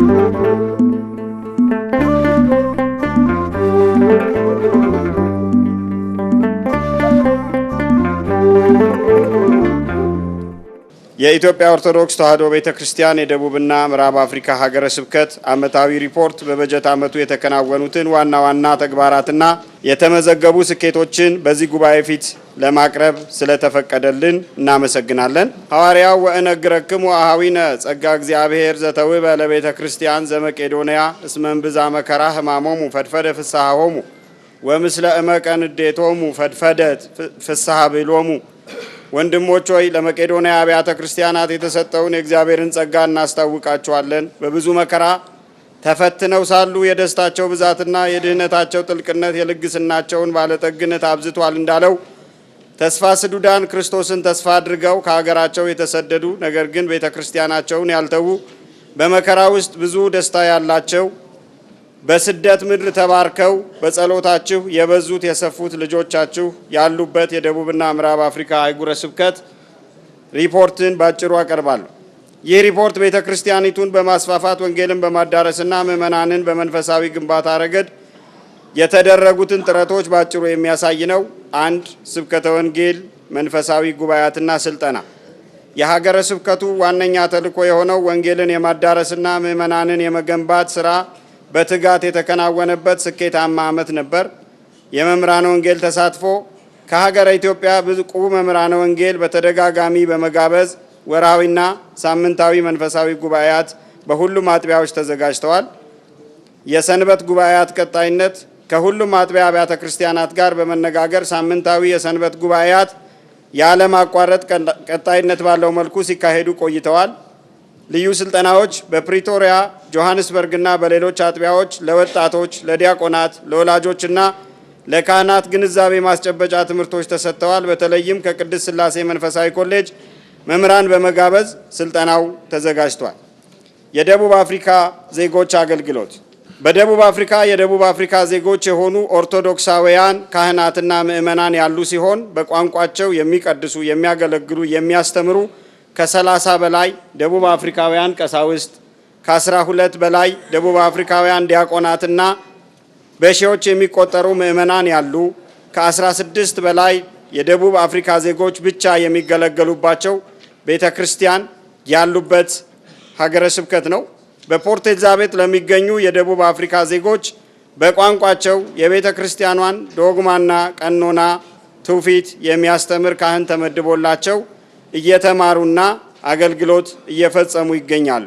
Música የኢትዮጵያ ኦርቶዶክስ ተዋሕዶ ቤተ ክርስቲያን የደቡብና ምዕራብ አፍሪካ ሀገረ ስብከት ዓመታዊ ሪፖርት በበጀት ዓመቱ የተከናወኑትን ዋና ዋና ተግባራትና የተመዘገቡ ስኬቶችን በዚህ ጉባኤ ፊት ለማቅረብ ስለተፈቀደልን እናመሰግናለን። ሐዋርያው ወእነግረክሙ አኀዊነ ጸጋ እግዚአብሔር ዘተውበ ለቤተ ክርስቲያን ዘመቄዶንያ እስመንብዛ መከራ ህማሞሙ ፈድፈደ ሆሙ ወምስለ እመቀን እዴቶሙ ፈድፈደ ፍስሐ ብሎሙ ወንድሞች ሆይ ለመቄዶንያ አብያተ ክርስቲያናት የተሰጠውን የእግዚአብሔርን ጸጋ እናስታውቃችኋለን። በብዙ መከራ ተፈትነው ሳሉ የደስታቸው ብዛትና የድህነታቸው ጥልቅነት የልግስናቸውን ባለጠግነት አብዝቷል እንዳለው ተስፋ ስዱዳን ክርስቶስን ተስፋ አድርገው ከሀገራቸው የተሰደዱ ነገር ግን ቤተ ክርስቲያናቸውን ያልተዉ በመከራ ውስጥ ብዙ ደስታ ያላቸው በስደት ምድር ተባርከው በጸሎታችሁ የበዙት የሰፉት ልጆቻችሁ ያሉበት የደቡብና ምዕራብ አፍሪካ አህጉረ ስብከት ሪፖርትን ባጭሩ አቀርባለሁ። ይህ ሪፖርት ቤተ ክርስቲያኒቱን በማስፋፋት ወንጌልን በማዳረስና ምዕመናንን በመንፈሳዊ ግንባታ ረገድ የተደረጉትን ጥረቶች ባጭሩ የሚያሳይ ነው። አንድ ስብከተ ወንጌል መንፈሳዊ ጉባኤያትና ስልጠና የሀገረ ስብከቱ ዋነኛ ተልዕኮ የሆነው ወንጌልን የማዳረስና ምዕመናንን የመገንባት ስራ በትጋት የተከናወነበት ስኬታማ ዓመት ነበር። የመምህራን ወንጌል ተሳትፎ ከሀገረ ኢትዮጵያ ብቁ መምህራን ወንጌል በተደጋጋሚ በመጋበዝ ወርሃዊና ሳምንታዊ መንፈሳዊ ጉባኤያት በሁሉም አጥቢያዎች ተዘጋጅተዋል። የሰንበት ጉባኤያት ቀጣይነት ከሁሉም አጥቢያ አብያተ ክርስቲያናት ጋር በመነጋገር ሳምንታዊ የሰንበት ጉባኤያት ያለማቋረጥ ቀጣይነት ባለው መልኩ ሲካሄዱ ቆይተዋል። ልዩ ስልጠናዎች በፕሪቶሪያ ጆሐንስበርግ ና በሌሎች አጥቢያዎች ለወጣቶች፣ ለዲያቆናት፣ ለወላጆችና ለካህናት ግንዛቤ ማስጨበጫ ትምህርቶች ተሰጥተዋል። በተለይም ከቅድስት ስላሴ መንፈሳዊ ኮሌጅ መምህራን በመጋበዝ ስልጠናው ተዘጋጅቷል። የደቡብ አፍሪካ ዜጎች አገልግሎት በደቡብ አፍሪካ የደቡብ አፍሪካ ዜጎች የሆኑ ኦርቶዶክሳውያን ካህናትና ምዕመናን ያሉ ሲሆን በቋንቋቸው የሚቀድሱ፣ የሚያገለግሉ፣ የሚያስተምሩ ከ30 በላይ ደቡብ አፍሪካውያን ቀሳውስት፣ ከ12 በላይ ደቡብ አፍሪካውያን ዲያቆናትና በሺዎች የሚቆጠሩ ምዕመናን ያሉ ከ16 በላይ የደቡብ አፍሪካ ዜጎች ብቻ የሚገለገሉባቸው ቤተ ክርስቲያን ያሉበት ሀገረ ስብከት ነው። በፖርት ኤልዛቤት ለሚገኙ የደቡብ አፍሪካ ዜጎች በቋንቋቸው የቤተ ክርስቲያኗን ዶግማና ቀኖና ትውፊት የሚያስተምር ካህን ተመድቦላቸው እየተማሩና አገልግሎት እየፈጸሙ ይገኛሉ።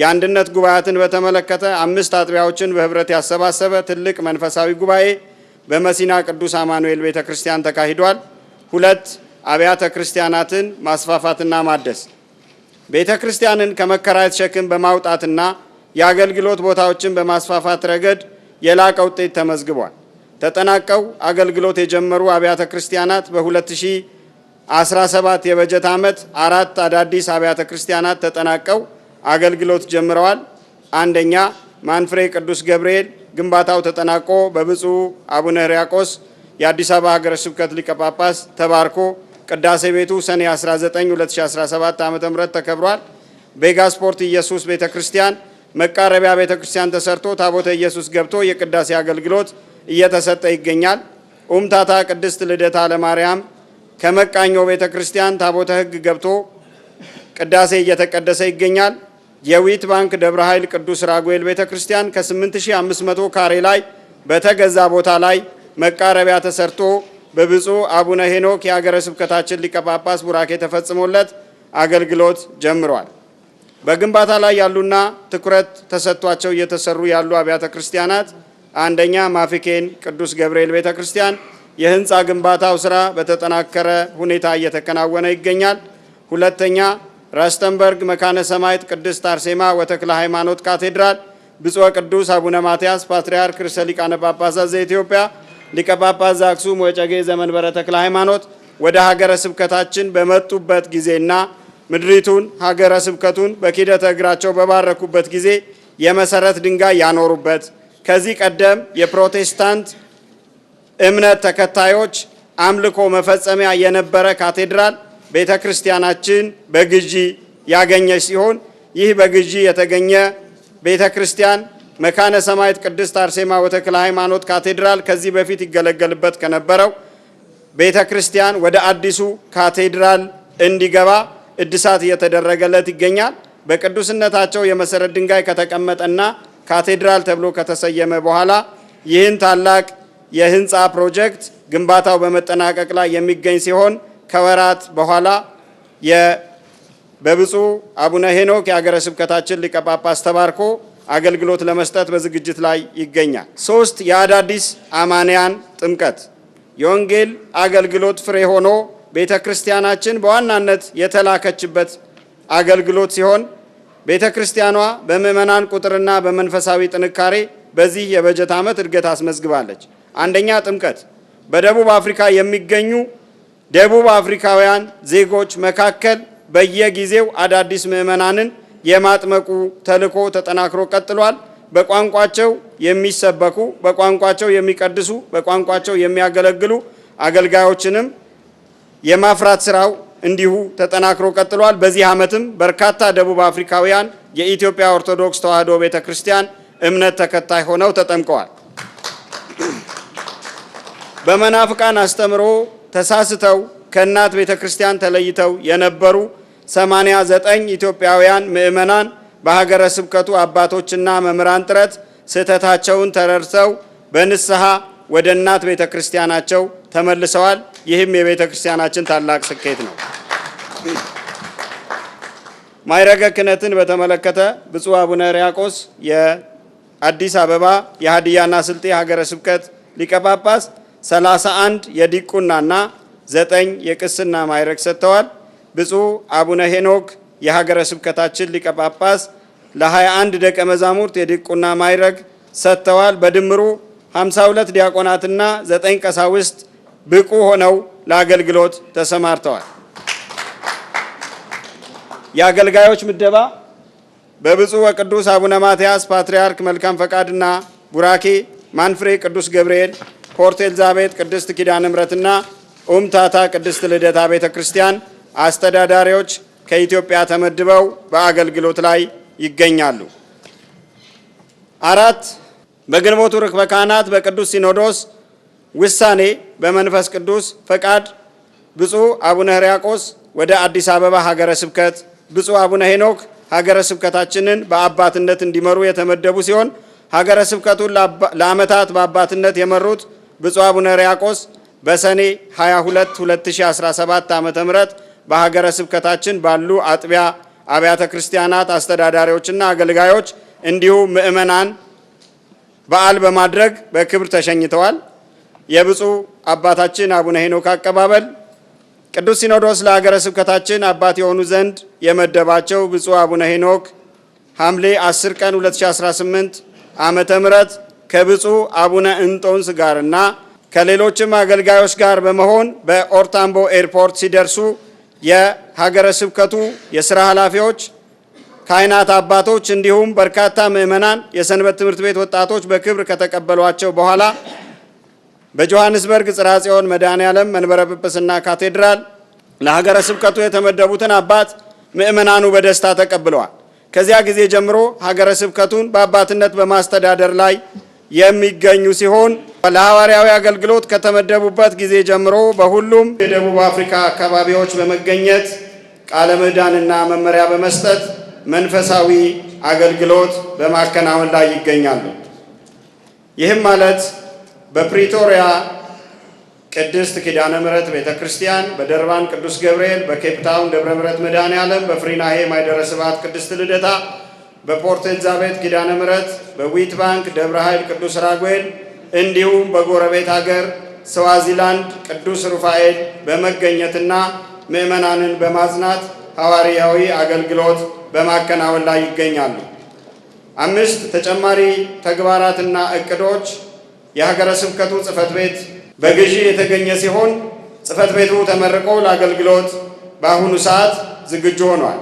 የአንድነት ጉባኤያትን በተመለከተ አምስት አጥቢያዎችን በህብረት ያሰባሰበ ትልቅ መንፈሳዊ ጉባኤ በመሲና ቅዱስ አማኑኤል ቤተ ክርስቲያን ተካሂዷል። ሁለት አብያተ ክርስቲያናትን ማስፋፋትና ማደስ ቤተ ክርስቲያንን ከመከራየት ሸክም በማውጣትና የአገልግሎት ቦታዎችን በማስፋፋት ረገድ የላቀ ውጤት ተመዝግቧል። ተጠናቀው አገልግሎት የጀመሩ አብያተ ክርስቲያናት በ 17 የበጀት ዓመት አራት አዳዲስ አብያተ ክርስቲያናት ተጠናቀው አገልግሎት ጀምረዋል። አንደኛ ማንፍሬ ቅዱስ ገብርኤል ግንባታው ተጠናቆ በብፁዕ አቡነ ሕርያቆስ የአዲስ አበባ ሀገረ ስብከት ሊቀ ጳጳስ ተባርኮ ቅዳሴ ቤቱ ሰኔ 19 2017 ዓ ተከብሯል። ቤጋ ስፖርት ኢየሱስ ቤተ ክርስቲያን መቃረቢያ ቤተ ክርስቲያን ተሰርቶ ታቦተ ኢየሱስ ገብቶ የቅዳሴ አገልግሎት እየተሰጠ ይገኛል። ኡምታታ ቅድስት ልደታ ለማርያም ከመቃኞ ቤተ ክርስቲያን ታቦተ ሕግ ገብቶ ቅዳሴ እየተቀደሰ ይገኛል። የዊት ባንክ ደብረ ኃይል ቅዱስ ራጉኤል ቤተ ክርስቲያን ከ8500 ካሬ ላይ በተገዛ ቦታ ላይ መቃረቢያ ተሰርቶ በብፁዕ አቡነ ሄኖክ የአገረ ስብከታችን ሊቀ ጳጳስ ቡራኬ ተፈጽሞለት አገልግሎት ጀምሯል። በግንባታ ላይ ያሉና ትኩረት ተሰጥቷቸው እየተሰሩ ያሉ አብያተ ክርስቲያናት አንደኛ ማፊኬን ቅዱስ ገብርኤል ቤተ ክርስቲያን የህንፃ ግንባታው ስራ በተጠናከረ ሁኔታ እየተከናወነ ይገኛል። ሁለተኛ ራስተንበርግ መካነ ሰማይት ቅድስት አርሴማ ወተክለ ሃይማኖት ካቴድራል ብፁዕ ቅዱስ አቡነ ማትያስ ፓትርያርክ ርእሰ ሊቃነ ጳጳሳት ዘኢትዮጵያ ሊቀ ጳጳስ ዘአክሱም ወጨጌ ዘመንበረ ተክለ ሃይማኖት ወደ ሀገረ ስብከታችን በመጡበት ጊዜና ምድሪቱን ሀገረ ስብከቱን በኪደተ እግራቸው በባረኩበት ጊዜ የመሰረት ድንጋይ ያኖሩበት ከዚህ ቀደም የፕሮቴስታንት እምነት ተከታዮች አምልኮ መፈጸሚያ የነበረ ካቴድራል ቤተ ክርስቲያናችን በግዢ ያገኘች ሲሆን ይህ በግዢ የተገኘ ቤተ ክርስቲያን መካነ ሰማዕት ቅድስት አርሴማ ወተክለ ሃይማኖት ካቴድራል ከዚህ በፊት ይገለገልበት ከነበረው ቤተ ክርስቲያን ወደ አዲሱ ካቴድራል እንዲገባ እድሳት እየተደረገለት ይገኛል። በቅዱስነታቸው የመሰረት ድንጋይ ከተቀመጠና ካቴድራል ተብሎ ከተሰየመ በኋላ ይህን ታላቅ የህንፃ ፕሮጀክት ግንባታው በመጠናቀቅ ላይ የሚገኝ ሲሆን ከወራት በኋላ በብፁዕ አቡነ ሄኖክ የአገረ ስብከታችን ሊቀ ጳጳስ ተባርኮ አገልግሎት ለመስጠት በዝግጅት ላይ ይገኛል። ሶስት የአዳዲስ አማንያን ጥምቀት የወንጌል አገልግሎት ፍሬ ሆኖ ቤተ ክርስቲያናችን በዋናነት የተላከችበት አገልግሎት ሲሆን ቤተ ክርስቲያኗ በምዕመናን ቁጥርና በመንፈሳዊ ጥንካሬ በዚህ የበጀት ዓመት እድገት አስመዝግባለች። አንደኛ ጥምቀት በደቡብ አፍሪካ የሚገኙ ደቡብ አፍሪካውያን ዜጎች መካከል በየጊዜው አዳዲስ ምዕመናንን የማጥመቁ ተልዕኮ ተጠናክሮ ቀጥሏል። በቋንቋቸው የሚሰበኩ፣ በቋንቋቸው የሚቀድሱ፣ በቋንቋቸው የሚያገለግሉ አገልጋዮችንም የማፍራት ስራው እንዲሁ ተጠናክሮ ቀጥሏል። በዚህ ዓመትም በርካታ ደቡብ አፍሪካውያን የኢትዮጵያ ኦርቶዶክስ ተዋሕዶ ቤተ ክርስቲያን እምነት ተከታይ ሆነው ተጠምቀዋል። በመናፍቃን አስተምሮ ተሳስተው ከእናት ቤተ ክርስቲያን ተለይተው የነበሩ 89 ኢትዮጵያውያን ምዕመናን በሀገረ ስብከቱ አባቶችና መምህራን ጥረት ስህተታቸውን ተረድተው በንስሐ ወደ እናት ቤተ ክርስቲያናቸው ተመልሰዋል። ይህም የቤተ ክርስቲያናችን ታላቅ ስኬት ነው። ማይረገ ክህነትን በተመለከተ ብፁዕ አቡነ ሪያቆስ የአዲስ አበባ የሀዲያና ስልጤ ሀገረ ስብከት ሊቀ ጳጳስ 31 የዲቁናና ዘጠኝ የቅስና ማዕረግ ሰጥተዋል። ብፁዕ አቡነ ሄኖክ የሀገረ ስብከታችን ሊቀ ጳጳስ ለ21 ደቀ መዛሙርት የዲቁና ማይረግ ሰጥተዋል። በድምሩ 52 ዲያቆናትና 9 ቀሳውስት ብቁ ሆነው ለአገልግሎት ተሰማርተዋል። የአገልጋዮች ምደባ በብፁዕ ወቅዱስ አቡነ ማትያስ ፓትርያርክ መልካም ፈቃድና ቡራኬ ማንፍሬ ቅዱስ ገብርኤል ፖርት ኤልዛቤት ቅድስት ኪዳን እምረትና ኡምታታ ቅድስት ልደታ ቤተ ክርስቲያን አስተዳዳሪዎች ከኢትዮጵያ ተመድበው በአገልግሎት ላይ ይገኛሉ። አራት በግንቦቱ ርክበ ካህናት በቅዱስ ሲኖዶስ ውሳኔ በመንፈስ ቅዱስ ፈቃድ ብፁዕ አቡነ ሕርያቆስ ወደ አዲስ አበባ ሀገረ ስብከት፣ ብፁዕ አቡነ ሄኖክ ሀገረ ስብከታችንን በአባትነት እንዲመሩ የተመደቡ ሲሆን ሀገረ ስብከቱን ለዓመታት በአባትነት የመሩት ብፁዕ አቡነ ሪያቆስ በሰኔ 22 2017 ዓ.ም በሀገረ ስብከታችን ባሉ አጥቢያ አብያተ ክርስቲያናት አስተዳዳሪዎችና አገልጋዮች እንዲሁም ምዕመናን በዓል በማድረግ በክብር ተሸኝተዋል። የብፁዕ አባታችን አቡነ ሄኖክ አቀባበል ቅዱስ ሲኖዶስ ለሀገረ ስብከታችን አባት የሆኑ ዘንድ የመደባቸው ብፁዕ አቡነ ሄኖክ ሐምሌ 10 ቀን 2018 ዓመተ ምህረት ከብፁዕ አቡነ እንጦንስ ጋርና ከሌሎችም አገልጋዮች ጋር በመሆን በኦርታምቦ ኤርፖርት ሲደርሱ የሀገረ ስብከቱ የስራ ኃላፊዎች፣ ካህናት አባቶች እንዲሁም በርካታ ምዕመናን፣ የሰንበት ትምህርት ቤት ወጣቶች በክብር ከተቀበሏቸው በኋላ በጆሐንስበርግ ጽርሐ ጽዮን መድኃኔዓለም መንበረ ጵጵስና ካቴድራል ለሀገረ ስብከቱ የተመደቡትን አባት ምዕመናኑ በደስታ ተቀብለዋል። ከዚያ ጊዜ ጀምሮ ሀገረ ስብከቱን በአባትነት በማስተዳደር ላይ የሚገኙ ሲሆን ለሐዋርያዊ አገልግሎት ከተመደቡበት ጊዜ ጀምሮ በሁሉም የደቡብ አፍሪካ አካባቢዎች በመገኘት ቃለ ምዕዳንና መመሪያ በመስጠት መንፈሳዊ አገልግሎት በማከናወን ላይ ይገኛሉ። ይህም ማለት በፕሪቶሪያ ቅድስት ኪዳነ ምሕረት ቤተ ክርስቲያን፣ በደርባን ቅዱስ ገብርኤል፣ በኬፕታውን ደብረ ምሕረት መድኃኔ ዓለም፣ በፍሪናሄ ማይደረ ስብሐት ቅድስት ልደታ በፖርት ኤልዛቤት ኪዳነ ምሕረት፣ በዊት ባንክ ደብረ ኃይል ቅዱስ ራጉኤል እንዲሁም በጎረቤት ሀገር ስዋዚላንድ ቅዱስ ሩፋኤል በመገኘትና ምዕመናንን በማጽናት ሐዋርያዊ አገልግሎት በማከናወን ላይ ይገኛሉ። አምስት ተጨማሪ ተግባራትና እቅዶች የሀገረ ስብከቱ ጽሕፈት ቤት በግዢ የተገኘ ሲሆን ጽሕፈት ቤቱ ተመርቆ ለአገልግሎት በአሁኑ ሰዓት ዝግጁ ሆኗል።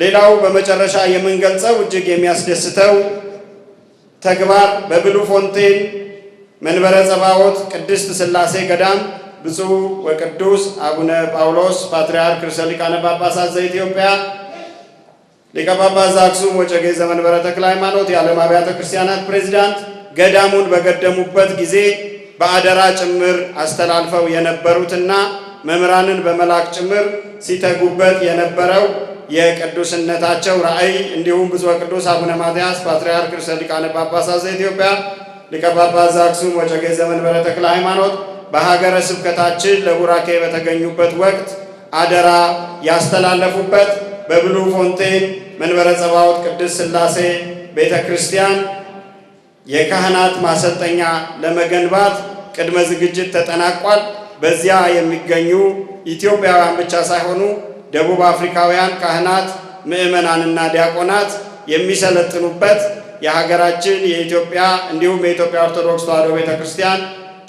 ሌላው በመጨረሻ የምንገልጸው እጅግ የሚያስደስተው ተግባር በብሉ ፎንቴን መንበረ ጸባዖት ቅድስት ሥላሴ ገዳም ብፁዕ ወቅዱስ አቡነ ጳውሎስ ፓትርያርክ ርእሰ ሊቃነ ጳጳሳት ዘኢትዮጵያ ሊቀ ጳጳስ ዘአክሱም ወዕጨጌ ዘመንበረ ተክለ ሃይማኖት የዓለም አብያተ ክርስቲያናት ፕሬዚዳንት ገዳሙን በገደሙበት ጊዜ በአደራ ጭምር አስተላልፈው የነበሩትና መምህራንን በመላክ ጭምር ሲተጉበት የነበረው የቅዱስነታቸው ራእይ እንዲሁም ብፁዕ ቅዱስ አቡነ ማትያስ ፓትርያርክ ርእሰ ሊቃነ ጳጳሳት ዘኢትዮጵያ ሊቀ ጳጳስ ዘአክሱም ወጨጌ ዘመንበረ ተክለ ሃይማኖት በሀገረ ስብከታችን ለቡራኬ በተገኙበት ወቅት አደራ ያስተላለፉበት በብሉ ፎንቴን መንበረ ጸባዖት ቅድስት ሥላሴ ቤተ ክርስቲያን የካህናት ማሰልጠኛ ለመገንባት ቅድመ ዝግጅት ተጠናቋል። በዚያ የሚገኙ ኢትዮጵያውያን ብቻ ሳይሆኑ ደቡብ አፍሪካውያን ካህናት ምእመናንና ዲያቆናት የሚሰለጥኑበት የሀገራችን የኢትዮጵያ እንዲሁም የኢትዮጵያ ኦርቶዶክስ ተዋሕዶ ቤተ ክርስቲያን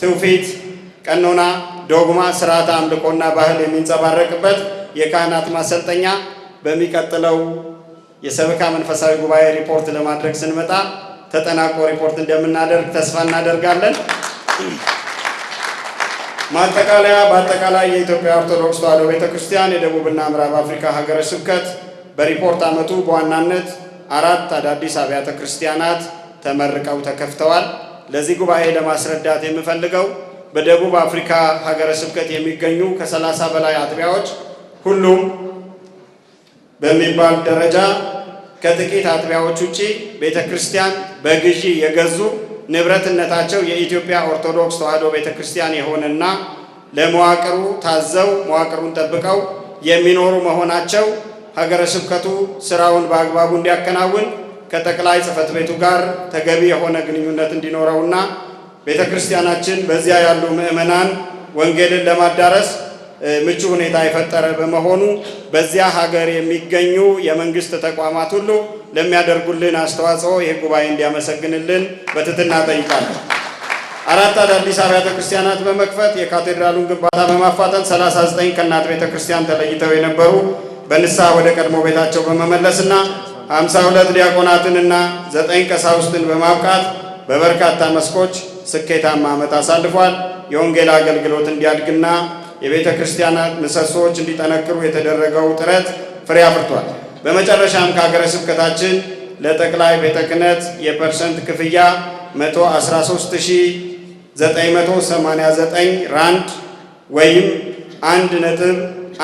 ትውፊት፣ ቀኖና፣ ዶግማ፣ ስርዓተ አምልኮና ባህል የሚንጸባረቅበት የካህናት ማሰልጠኛ በሚቀጥለው የሰበካ መንፈሳዊ ጉባኤ ሪፖርት ለማድረግ ስንመጣ ተጠናቆ ሪፖርት እንደምናደርግ ተስፋ እናደርጋለን። ማጠቃለያ በአጠቃላይ የኢትዮጵያ ኦርቶዶክስ ተዋሕዶ ቤተ ክርስቲያን የደቡብና ምዕራብ አፍሪካ ሀገረ ስብከት በሪፖርት ዓመቱ በዋናነት አራት አዳዲስ አብያተ ክርስቲያናት ተመርቀው ተከፍተዋል። ለዚህ ጉባኤ ለማስረዳት የምፈልገው በደቡብ አፍሪካ ሀገረ ስብከት የሚገኙ ከ30 በላይ አጥቢያዎች ሁሉም በሚባል ደረጃ ከጥቂት አጥቢያዎች ውጪ ቤተ ክርስቲያን በግዢ የገዙ ንብረትነታቸው የኢትዮጵያ ኦርቶዶክስ ተዋሕዶ ቤተ ክርስቲያን የሆነና ለመዋቅሩ ታዘው መዋቅሩን ጠብቀው የሚኖሩ መሆናቸው ሀገረ ስብከቱ ስራውን በአግባቡ እንዲያከናውን ከጠቅላይ ጽሕፈት ቤቱ ጋር ተገቢ የሆነ ግንኙነት እንዲኖረውና ቤተ ክርስቲያናችን በዚያ ያሉ ምዕመናን ወንጌልን ለማዳረስ ምቹ ሁኔታ የፈጠረ በመሆኑ በዚያ ሀገር የሚገኙ የመንግስት ተቋማት ሁሉ ለሚያደርጉልን አስተዋጽኦ ይህ ጉባኤ እንዲያመሰግንልን በትህትና ጠይቃለሁ። አራት አዳዲስ አብያተ ክርስቲያናት በመክፈት የካቴድራሉን ግንባታ በማፋጠን 39 ከእናት ቤተ ክርስቲያን ተለይተው የነበሩ በንስሐ ወደ ቀድሞ ቤታቸው በመመለስና 52 ዲያቆናትንና 9 ቀሳውስትን በማብቃት በበርካታ መስኮች ስኬታማ ዓመት አሳልፏል። የወንጌል አገልግሎት እንዲያድግና የቤተ ክርስቲያናት ምሰሶዎች እንዲጠነክሩ የተደረገው ጥረት ፍሬ አፍርቷል። በመጨረሻም ከሀገረ ስብከታችን ለጠቅላይ ቤተ ክህነት የፐርሰንት ክፍያ 113989 ራንድ ወይም 1 ነጥብ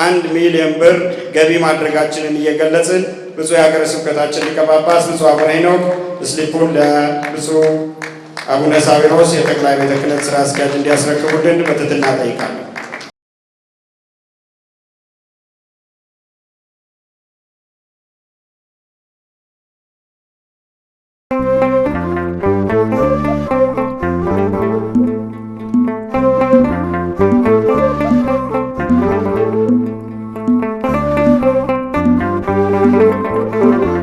1 ሚሊዮን ብር ገቢ ማድረጋችንን እየገለጽን ብፁዕ የሀገረ ስብከታችን ሊቀ ጳጳስ ብፁዕ አቡነ ሄኖክ ስሊፑን ለብፁዕ አቡነ ሳዊሮስ የጠቅላይ ቤተ ክህነት አስኪያጅ እንዲያስረክቡልን በትህትና ጠይቃለሁ። Thank you.